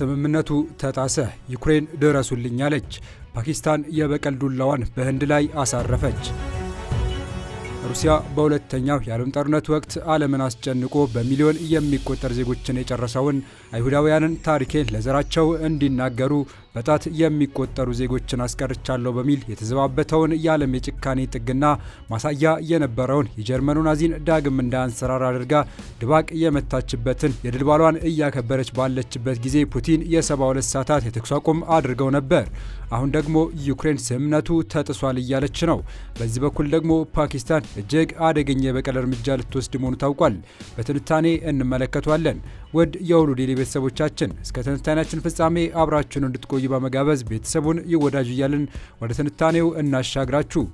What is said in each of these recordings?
ስምምነቱ ተጣሰ፣ ዩክሬን ድረሱልኝ አለች። ፓኪስታን የበቀል ዱላዋን በህንድ ላይ አሳረፈች። ሩሲያ በሁለተኛው የዓለም ጦርነት ወቅት ዓለምን አስጨንቆ በሚሊዮን የሚቆጠር ዜጎችን የጨረሰውን አይሁዳውያንን ታሪኬን ለዘራቸው እንዲናገሩ በጣት የሚቆጠሩ ዜጎችን አስቀርቻለሁ በሚል የተዘባበተውን የዓለም የጭካኔ ጥግና ማሳያ የነበረውን የጀርመኑ ናዚን ዳግም እንዳያንሰራር አድርጋ ድባቅ የመታችበትን የድል እያከበረች ባለችበት ጊዜ ፑቲን የ72 ሰዓታት የተኩስ አቁም አድርገው ነበር። አሁን ደግሞ ዩክሬን ስምምነቱ ተጥሷል እያለች ነው። በዚህ በኩል ደግሞ ፓኪስታን እጅግ አደገኛ የበቀል እርምጃ ልትወስድ መሆኑ ታውቋል። በትንታኔ እንመለከቷለን። ውድ የሁሉ ዴይሊ ቤተሰቦቻችን እስከ ትንታኔያችን ፍጻሜ አብራችሁን እንድትቆዩ በመጋበዝ ቤተሰቡን ይወዳጅ እያልን ወደ ትንታኔው እናሻግራችሁ።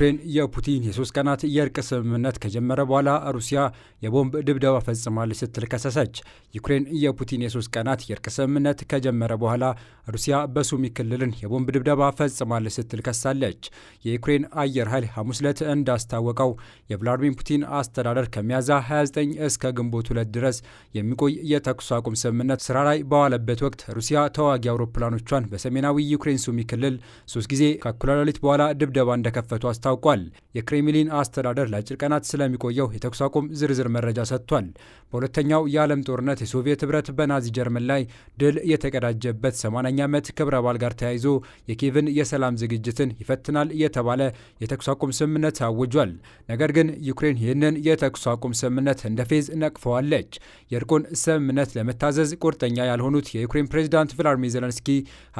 በዩክሬን የፑቲን የሶስት ቀናት የእርቅ ስምምነት ከጀመረ በኋላ ሩሲያ የቦምብ ድብደባ ፈጽማለች ስትል ከሰሰች። ዩክሬን የፑቲን የሶስት ቀናት የእርቅ ስምምነት ከጀመረ በኋላ ሩሲያ በሱሚ ክልልን የቦምብ ድብደባ ፈጽማለች ስትል ከሳለች። የዩክሬን አየር ኃይል ሐሙስ ዕለት እንዳስታወቀው የቭላዲሚር ፑቲን አስተዳደር ከሚያዝያ 29 እስከ ግንቦት ሁለት ድረስ የሚቆይ የተኩስ አቁም ስምምነት ስራ ላይ በዋለበት ወቅት ሩሲያ ተዋጊ አውሮፕላኖቿን በሰሜናዊ ዩክሬን ሱሚ ክልል ሶስት ጊዜ ከእኩለ ሌሊት በኋላ ድብደባ እንደከፈቱ አስታ አስታውቋል። የክሬምሊን አስተዳደር ለአጭር ቀናት ስለሚቆየው የተኩስ አቁም ዝርዝር መረጃ ሰጥቷል። በሁለተኛው የዓለም ጦርነት የሶቪየት ኅብረት በናዚ ጀርመን ላይ ድል የተቀዳጀበት 80ኛ ዓመት ክብረ በዓል ጋር ተያይዞ የኪየቭን የሰላም ዝግጅትን ይፈትናል የተባለ የተኩስ አቁም ስምምነት አውጇል። ነገር ግን ዩክሬን ይህንን የተኩስ አቁም ስምምነት እንደ ፌዝ ነቅፈዋለች። የእርቁን ስምምነት ለመታዘዝ ቁርጠኛ ያልሆኑት የዩክሬን ፕሬዚዳንት ቭላዲሚር ዜለንስኪ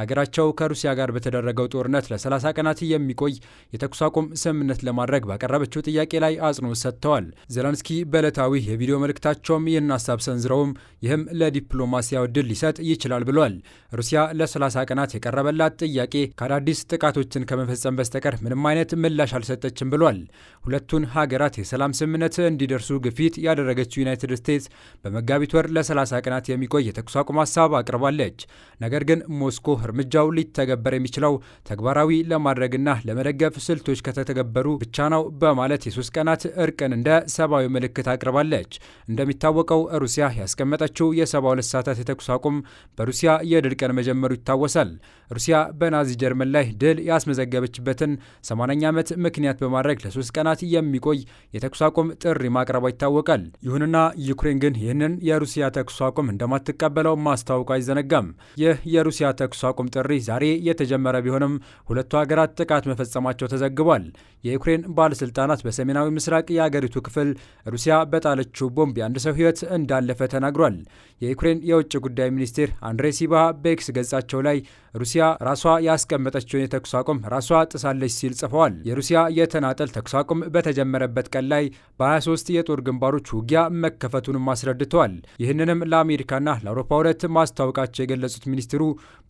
ሀገራቸው ከሩሲያ ጋር በተደረገው ጦርነት ለ30 ቀናት የሚቆይ የተኩስ አቁም ስምምነት ለማድረግ ባቀረበችው ጥያቄ ላይ አጽንኦት ሰጥተዋል። ዘለንስኪ በዕለታዊ የቪዲዮ መልእክታቸውም ይህን ሀሳብ ሰንዝረውም ይህም ለዲፕሎማሲያ ድል ሊሰጥ ይችላል ብሏል። ሩሲያ ለ30 ቀናት የቀረበላት ጥያቄ ከአዳዲስ ጥቃቶችን ከመፈጸም በስተቀር ምንም አይነት ምላሽ አልሰጠችም ብሏል። ሁለቱን ሀገራት የሰላም ስምምነት እንዲደርሱ ግፊት ያደረገችው ዩናይትድ ስቴትስ በመጋቢት ወር ለ30 ቀናት የሚቆይ የተኩስ አቁም ሀሳብ አቅርባለች። ነገር ግን ሞስኮ እርምጃው ሊተገበር የሚችለው ተግባራዊ ለማድረግና ለመደገፍ ስልቶች ከተ ካልተገበሩ ብቻ ነው በማለት የሶስት ቀናት እርቅን እንደ ሰብአዊ ምልክት አቅርባለች። እንደሚታወቀው ሩሲያ ያስቀመጠችው የ72 ሰዓታት የተኩስ አቁም በሩሲያ የድል ቀን መጀመሩ ይታወሳል። ሩሲያ በናዚ ጀርመን ላይ ድል ያስመዘገበችበትን 80ኛ ዓመት ምክንያት በማድረግ ለሶስት ቀናት የሚቆይ የተኩስ አቁም ጥሪ ማቅረቧ ይታወቃል። ይሁንና ዩክሬን ግን ይህንን የሩሲያ ተኩስ አቁም እንደማትቀበለው ማስታወቁ አይዘነጋም። ይህ የሩሲያ ተኩስ አቁም ጥሪ ዛሬ የተጀመረ ቢሆንም ሁለቱ ሀገራት ጥቃት መፈጸማቸው ተዘግቧል። የዩክሬን ባለስልጣናት በሰሜናዊ ምስራቅ የአገሪቱ ክፍል ሩሲያ በጣለችው ቦምብ የአንድ ሰው ሕይወት እንዳለፈ ተናግሯል። የዩክሬን የውጭ ጉዳይ ሚኒስትር አንድሬ ሲባ በኤክስ ገጻቸው ላይ ሩሲያ ራሷ ያስቀመጠችውን የተኩስ አቁም ራሷ ጥሳለች ሲል ጽፈዋል። የሩሲያ የተናጠል ተኩስ አቁም በተጀመረበት ቀን ላይ በ23 የጦር ግንባሮች ውጊያ መከፈቱንም አስረድተዋል። ይህንንም ለአሜሪካና ለአውሮፓ ህብረት ማስታወቃቸው የገለጹት ሚኒስትሩ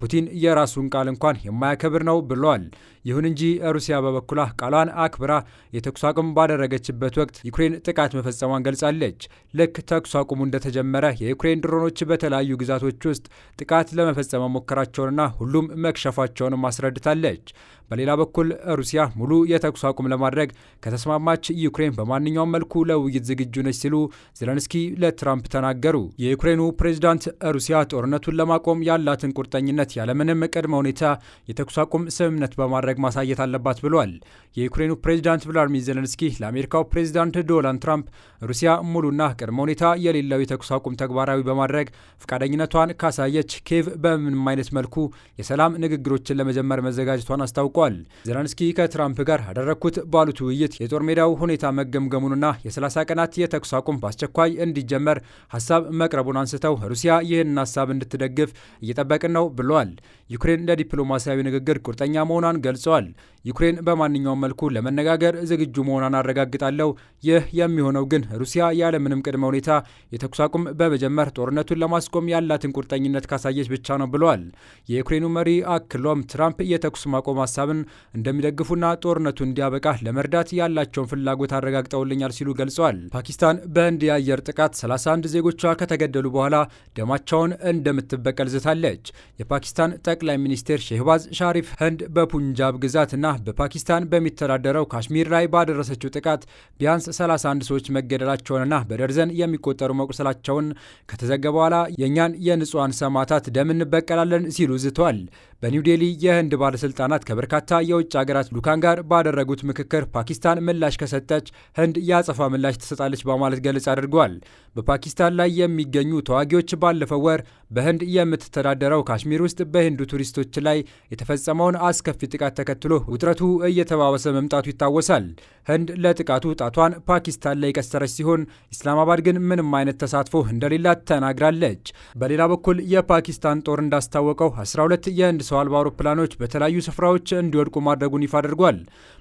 ፑቲን የራሱን ቃል እንኳን የማያከብር ነው ብለዋል። ይሁን እንጂ ሩሲያ በበኩሏ ቃሏን አክብራ የተኩስ አቁም ባደረገችበት ወቅት ዩክሬን ጥቃት መፈጸሟን ገልጻለች። ልክ ተኩስ አቁሙ እንደተጀመረ የዩክሬን ድሮ ድሮኖች በተለያዩ ግዛቶች ውስጥ ጥቃት ለመፈጸም መሞከራቸውንና ሁሉም መክሸፋቸውንም አስረድታለች። በሌላ በኩል ሩሲያ ሙሉ የተኩስ አቁም ለማድረግ ከተስማማች ዩክሬን በማንኛውም መልኩ ለውይይት ዝግጁ ነች ሲሉ ዜለንስኪ ለትራምፕ ተናገሩ። የዩክሬኑ ፕሬዚዳንት ሩሲያ ጦርነቱን ለማቆም ያላትን ቁርጠኝነት ያለምንም ቅድመ ሁኔታ የተኩስ አቁም ስምምነት በማድረግ ማሳየት አለባት ብሏል። የዩክሬኑ ፕሬዚዳንት ቭላዲሚር ዜለንስኪ ለአሜሪካው ፕሬዚዳንት ዶናልድ ትራምፕ ሩሲያ ሙሉና ቅድመ ሁኔታ የሌለው የተኩስ አቁም ተግባራዊ በማድረግ ለማድረግ ፈቃደኝነቷን ካሳየች ኬቭ በምንም አይነት መልኩ የሰላም ንግግሮችን ለመጀመር መዘጋጀቷን አስታውቋል። ዘለንስኪ ከትራምፕ ጋር ያደረግኩት ባሉት ውይይት የጦር ሜዳው ሁኔታ መገምገሙንና የ30 ቀናት የተኩስ አቁም በአስቸኳይ እንዲጀመር ሀሳብ መቅረቡን አንስተው ሩሲያ ይህንን ሀሳብ እንድትደግፍ እየጠበቅን ነው ብለዋል። ዩክሬን ለዲፕሎማሲያዊ ንግግር ቁርጠኛ መሆኗን ገልጸዋል። ዩክሬን በማንኛውም መልኩ ለመነጋገር ዝግጁ መሆኗን አረጋግጣለሁ። ይህ የሚሆነው ግን ሩሲያ ያለምንም ቅድመ ሁኔታ የተኩስ አቁም በመጀመር ጦርነት ጦርነቱን ለማስቆም ያላትን ቁርጠኝነት ካሳየች ብቻ ነው ብለዋል። የዩክሬኑ መሪ አክሎም ትራምፕ የተኩስ ማቆም ሀሳብን እንደሚደግፉና ጦርነቱ እንዲያበቃ ለመርዳት ያላቸውን ፍላጎት አረጋግጠውልኛል ሲሉ ገልጸዋል። ፓኪስታን በህንድ የአየር ጥቃት 31 ዜጎቿ ከተገደሉ በኋላ ደማቸውን እንደምትበቀል ዝታለች። የፓኪስታን ጠቅላይ ሚኒስቴር ሼህባዝ ሻሪፍ ህንድ በፑንጃብ ግዛት እና በፓኪስታን በሚተዳደረው ካሽሚር ላይ ባደረሰችው ጥቃት ቢያንስ 31 ሰዎች መገደላቸውንና በደርዘን የሚቆጠሩ መቁሰላቸውን ከተዘገ በኋላ የእኛን የንጹሐን ሰማዕታት ደም እንበቀላለን ሲሉ ዝተዋል። በኒው ዴሊ የህንድ ባለስልጣናት ከበርካታ የውጭ ሀገራት ልዑካን ጋር ባደረጉት ምክክር ፓኪስታን ምላሽ ከሰጠች ህንድ የአጸፋ ምላሽ ትሰጣለች በማለት ገልጽ አድርገዋል። በፓኪስታን ላይ የሚገኙ ተዋጊዎች ባለፈው ወር በህንድ የምትተዳደረው ካሽሚር ውስጥ በህንዱ ቱሪስቶች ላይ የተፈጸመውን አስከፊ ጥቃት ተከትሎ ውጥረቱ እየተባባሰ መምጣቱ ይታወሳል። ህንድ ለጥቃቱ ጣቷን ፓኪስታን ላይ የቀሰረች ሲሆን ኢስላማባድ ግን ምንም አይነት ተሳትፎ እንደሌላት ተናግራለች። በሌላ በኩል የፓኪስታን ጦር እንዳስታወቀው 12 የህንድ ሰው አልባ አውሮፕላኖች በተለያዩ ስፍራዎች እንዲወድቁ ማድረጉን ይፋ አድርጓል።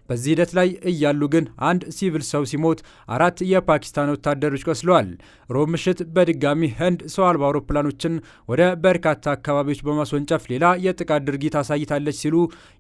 በዚህ ሂደት ላይ እያሉ ግን አንድ ሲቪል ሰው ሲሞት አራት የፓኪስታን ወታደሮች ቆስለዋል። ሮብ ምሽት በድጋሚ ህንድ ሰው አልባ አውሮፕላኖችን ወደ በርካታ አካባቢዎች በማስወንጨፍ ሌላ የጥቃት ድርጊት አሳይታለች ሲሉ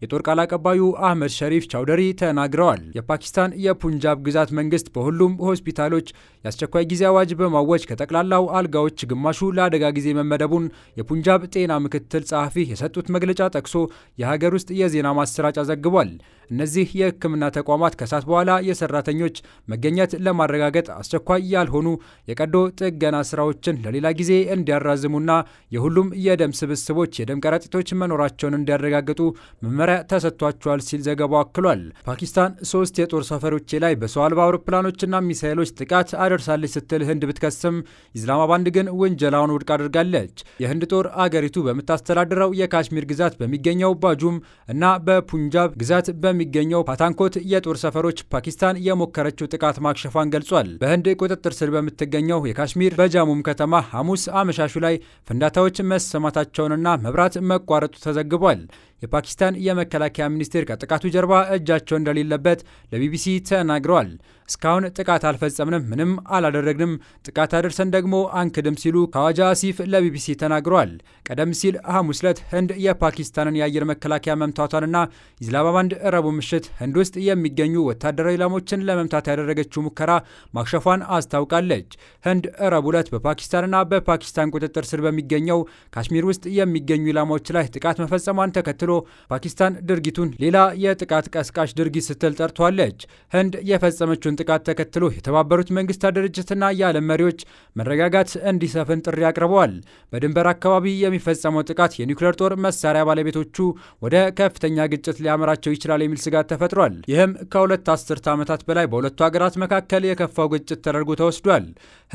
የጦር ቃል አቀባዩ አህመድ ሸሪፍ ቻውደሪ ተናግረዋል። የፓኪስታን የፑንጃብ ግዛት መንግስት በሁሉም ሆስፒታሎች የአስቸኳይ ጊዜ አዋጅ በማወጅ ከጠቅላላው አልጋዎች ግማሹ ለአደጋ ጊዜ መመደቡን የፑንጃብ ጤና ምክትል ጸሐፊ የሰጡት መግለጫ ጠቅሶ የሀገር ውስጥ የዜና ማሰራጫ ዘግቧል። እነዚህ የሕክምና ተቋማት ከሰዓት በኋላ የሰራተኞች መገኘት ለማረጋገጥ አስቸኳይ ያልሆኑ የቀዶ ጥገና ስራዎችን ለሌላ ጊዜ እንዲያራዝሙና የሁሉም የደም ስብስቦች የደም ከረጢቶች መኖራቸውን እንዲያረጋግጡ መመሪያ ተሰጥቷቸዋል ሲል ዘገባው አክሏል። ፓኪስታን ሶስት የጦር ሰፈሮቼ ላይ በሰው አልባ አውሮፕላኖችና ሚሳይሎች ጥቃት አደርሳለች ስትል ህንድ ብትከስም ኢስላማባንድ ግን ውንጀላውን ውድቅ አድርጋለች። የህንድ ጦር አገሪቱ በምታስተዳድረው የካሽሚር ግዛት በሚገኘው ባጁም እና በፑንጃብ ግዛት በሚገኘው ፓታ በታንኮት የጦር ሰፈሮች ፓኪስታን የሞከረችው ጥቃት ማክሸፏን ገልጿል። በህንድ ቁጥጥር ስር በምትገኘው የካሽሚር በጃሙም ከተማ ሐሙስ አመሻሹ ላይ ፍንዳታዎች መሰማታቸውንና መብራት መቋረጡ ተዘግቧል። የፓኪስታን የመከላከያ ሚኒስቴር ከጥቃቱ ጀርባ እጃቸው እንደሌለበት ለቢቢሲ ተናግረዋል። እስካሁን ጥቃት አልፈጸምንም፣ ምንም አላደረግንም፣ ጥቃት አደርሰን ደግሞ አንክድም ሲሉ ካዋጃ አሲፍ ለቢቢሲ ተናግረዋል። ቀደም ሲል ሐሙስ ዕለት ህንድ የፓኪስታንን የአየር መከላከያ መምታቷንና ኢስላማባድ ረቡዕ ምሽት ህንድ ውስጥ የሚገኙ ወታደራዊ ላሞችን ለመምታት ያደረገችው ሙከራ ማክሸፏን አስታውቃለች። ህንድ ረቡዕ ዕለት በፓኪስታንና በፓኪስታን ቁጥጥር ስር በሚገኘው ካሽሚር ውስጥ የሚገኙ ኢላማዎች ላይ ጥቃት መፈጸሟን ተከትሎ ተከትሎ ፓኪስታን ድርጊቱን ሌላ የጥቃት ቀስቃሽ ድርጊት ስትል ጠርቷለች። ህንድ የፈጸመችውን ጥቃት ተከትሎ የተባበሩት መንግስታት ድርጅትና የዓለም መሪዎች መረጋጋት እንዲሰፍን ጥሪ አቅርበዋል። በድንበር አካባቢ የሚፈጸመው ጥቃት የኒውክሌር ጦር መሳሪያ ባለቤቶቹ ወደ ከፍተኛ ግጭት ሊያመራቸው ይችላል የሚል ስጋት ተፈጥሯል። ይህም ከሁለት አስርት ዓመታት በላይ በሁለቱ ሀገራት መካከል የከፋው ግጭት ተደርጎ ተወስዷል።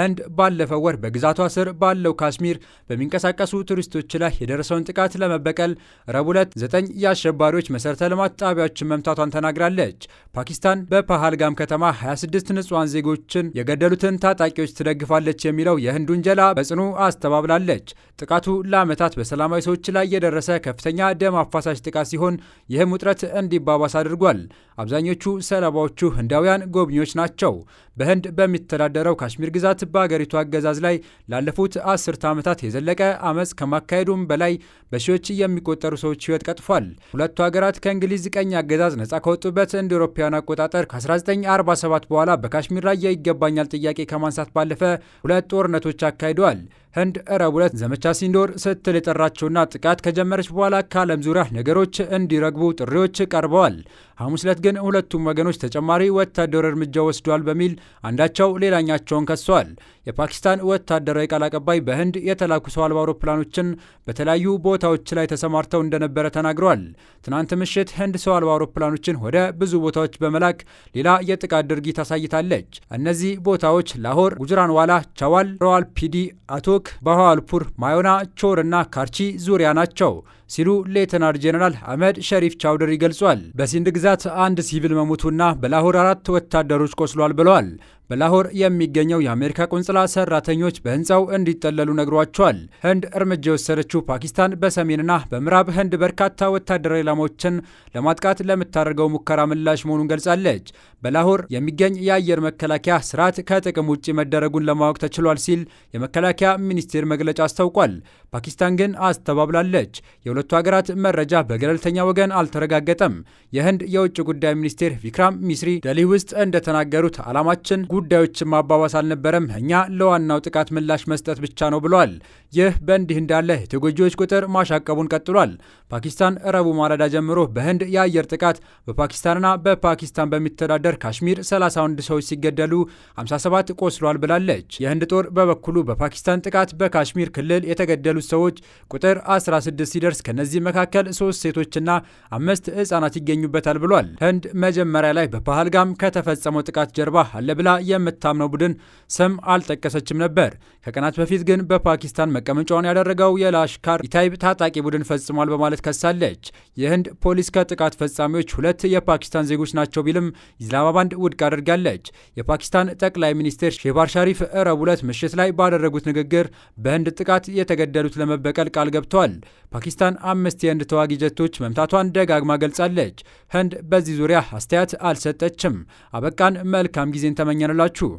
ህንድ ባለፈው ወር በግዛቷ ስር ባለው ካሽሚር በሚንቀሳቀሱ ቱሪስቶች ላይ የደረሰውን ጥቃት ለመበቀል ረቡዕ ዕለት ዘጠኝ የአሸባሪዎች መሠረተ ልማት ጣቢያዎችን መምታቷን ተናግራለች። ፓኪስታን በፓሃልጋም ከተማ 26 ንጹሐን ዜጎችን የገደሉትን ታጣቂዎች ትደግፋለች የሚለው የህንድ ውንጀላ በጽኑ አስተባብላለች። ጥቃቱ ለዓመታት በሰላማዊ ሰዎች ላይ የደረሰ ከፍተኛ ደም አፋሳሽ ጥቃት ሲሆን ይህም ውጥረት እንዲባባስ አድርጓል። አብዛኞቹ ሰለባዎቹ ህንዳውያን ጎብኚዎች ናቸው። በህንድ በሚተዳደረው ካሽሚር ግዛት በአገሪቱ አገዛዝ ላይ ላለፉት አስርተ ዓመታት የዘለቀ አመፅ ከማካሄዱም በላይ በሺዎች የሚቆጠሩ ሰዎች ህይወት ቀጥፏል። ሁለቱ ሀገራት ከእንግሊዝ ቀኝ አገዛዝ ነጻ ከወጡበት እንደ አውሮፓውያን አቆጣጠር ከ1947 በኋላ በካሽሚር ላይ የይገባኛል ጥያቄ ከማንሳት ባለፈ ሁለት ጦርነቶች አካሂደዋል። ህንድ ረቡዕ ዕለት ዘመቻ ሲንዶር ስትል የጠራቸውና ጥቃት ከጀመረች በኋላ ከዓለም ዙሪያ ነገሮች እንዲረግቡ ጥሪዎች ቀርበዋል። ሐሙስ ዕለት ግን ሁለቱም ወገኖች ተጨማሪ ወታደራዊ እርምጃ ወስዷል በሚል አንዳቸው ሌላኛቸውን ከሷል። የፓኪስታን ወታደራዊ ቃል አቀባይ በህንድ የተላኩ ሰው አልባ አውሮፕላኖችን በተለያዩ ቦታዎች ላይ ተሰማርተው እንደነበረ ተናግረዋል። ትናንት ምሽት ህንድ ሰው አልባ አውሮፕላኖችን ወደ ብዙ ቦታዎች በመላክ ሌላ የጥቃት ድርጊት አሳይታለች። እነዚህ ቦታዎች ላሆር፣ ጉጅራንዋላ፣ ቻዋል፣ ራዋልፒንዲ፣ አቶ ቶክ፣ ባህዋልፑር፣ ማዮና ቾር እና ካርቺ ዙሪያ ናቸው። ሲሉ ሌተናር ጄኔራል አህመድ ሸሪፍ ቻውደሪ ገልጿል። በሲንድ ግዛት አንድ ሲቪል መሞቱና በላሆር አራት ወታደሮች ቆስሏል ብለዋል። በላሆር የሚገኘው የአሜሪካ ቆንጽላ ሰራተኞች በህንፃው እንዲጠለሉ ነግሯቸዋል። ህንድ እርምጃ የወሰደችው ፓኪስታን በሰሜንና በምዕራብ ህንድ በርካታ ወታደራዊ ኢላማዎችን ለማጥቃት ለምታደርገው ሙከራ ምላሽ መሆኑን ገልጻለች። በላሆር የሚገኝ የአየር መከላከያ ስርዓት ከጥቅም ውጭ መደረጉን ለማወቅ ተችሏል ሲል የመከላከያ ሚኒስቴር መግለጫ አስታውቋል። ፓኪስታን ግን አስተባብላለች። ከሁለቱ ሀገራት መረጃ በገለልተኛ ወገን አልተረጋገጠም። የህንድ የውጭ ጉዳይ ሚኒስቴር ቪክራም ሚስሪ ደሊ ውስጥ እንደተናገሩት ዓላማችን ጉዳዮችን ማባባስ አልነበረም፣ እኛ ለዋናው ጥቃት ምላሽ መስጠት ብቻ ነው ብለዋል። ይህ በእንዲህ እንዳለ የተጎጂዎች ቁጥር ማሻቀቡን ቀጥሏል። ፓኪስታን ረቡዕ ማለዳ ጀምሮ በህንድ የአየር ጥቃት በፓኪስታንና በፓኪስታን በሚተዳደር ካሽሚር 31 ሰዎች ሲገደሉ 57 ቆስሏል ብላለች። የህንድ ጦር በበኩሉ በፓኪስታን ጥቃት በካሽሚር ክልል የተገደሉት ሰዎች ቁጥር 16 ሲደርስ ከእነዚህ መካከል ሶስት ሴቶችና አምስት ህጻናት ይገኙበታል ብሏል። ህንድ መጀመሪያ ላይ በፓህልጋም ከተፈጸመው ጥቃት ጀርባ አለ ብላ የምታምነው ቡድን ስም አልጠቀሰችም ነበር። ከቀናት በፊት ግን በፓኪስታን መቀመጫውን ያደረገው የላሽካር ኢታይብ ታጣቂ ቡድን ፈጽሟል በማለት ከሳለች። የህንድ ፖሊስ ከጥቃት ፈጻሚዎች ሁለት የፓኪስታን ዜጎች ናቸው ቢልም ኢስላማባንድ ውድቅ አድርጋለች። የፓኪስታን ጠቅላይ ሚኒስትር ሼባር ሻሪፍ እረቡ ሁለት ምሽት ላይ ባደረጉት ንግግር በህንድ ጥቃት የተገደሉት ለመበቀል ቃል ገብተዋል። ፓኪስታን ኢራን አምስት የህንድ ተዋጊ ጀቶች መምታቷን ደጋግማ ገልጻለች። ህንድ በዚህ ዙሪያ አስተያየት አልሰጠችም። አበቃን። መልካም ጊዜን ተመኘንላችሁ።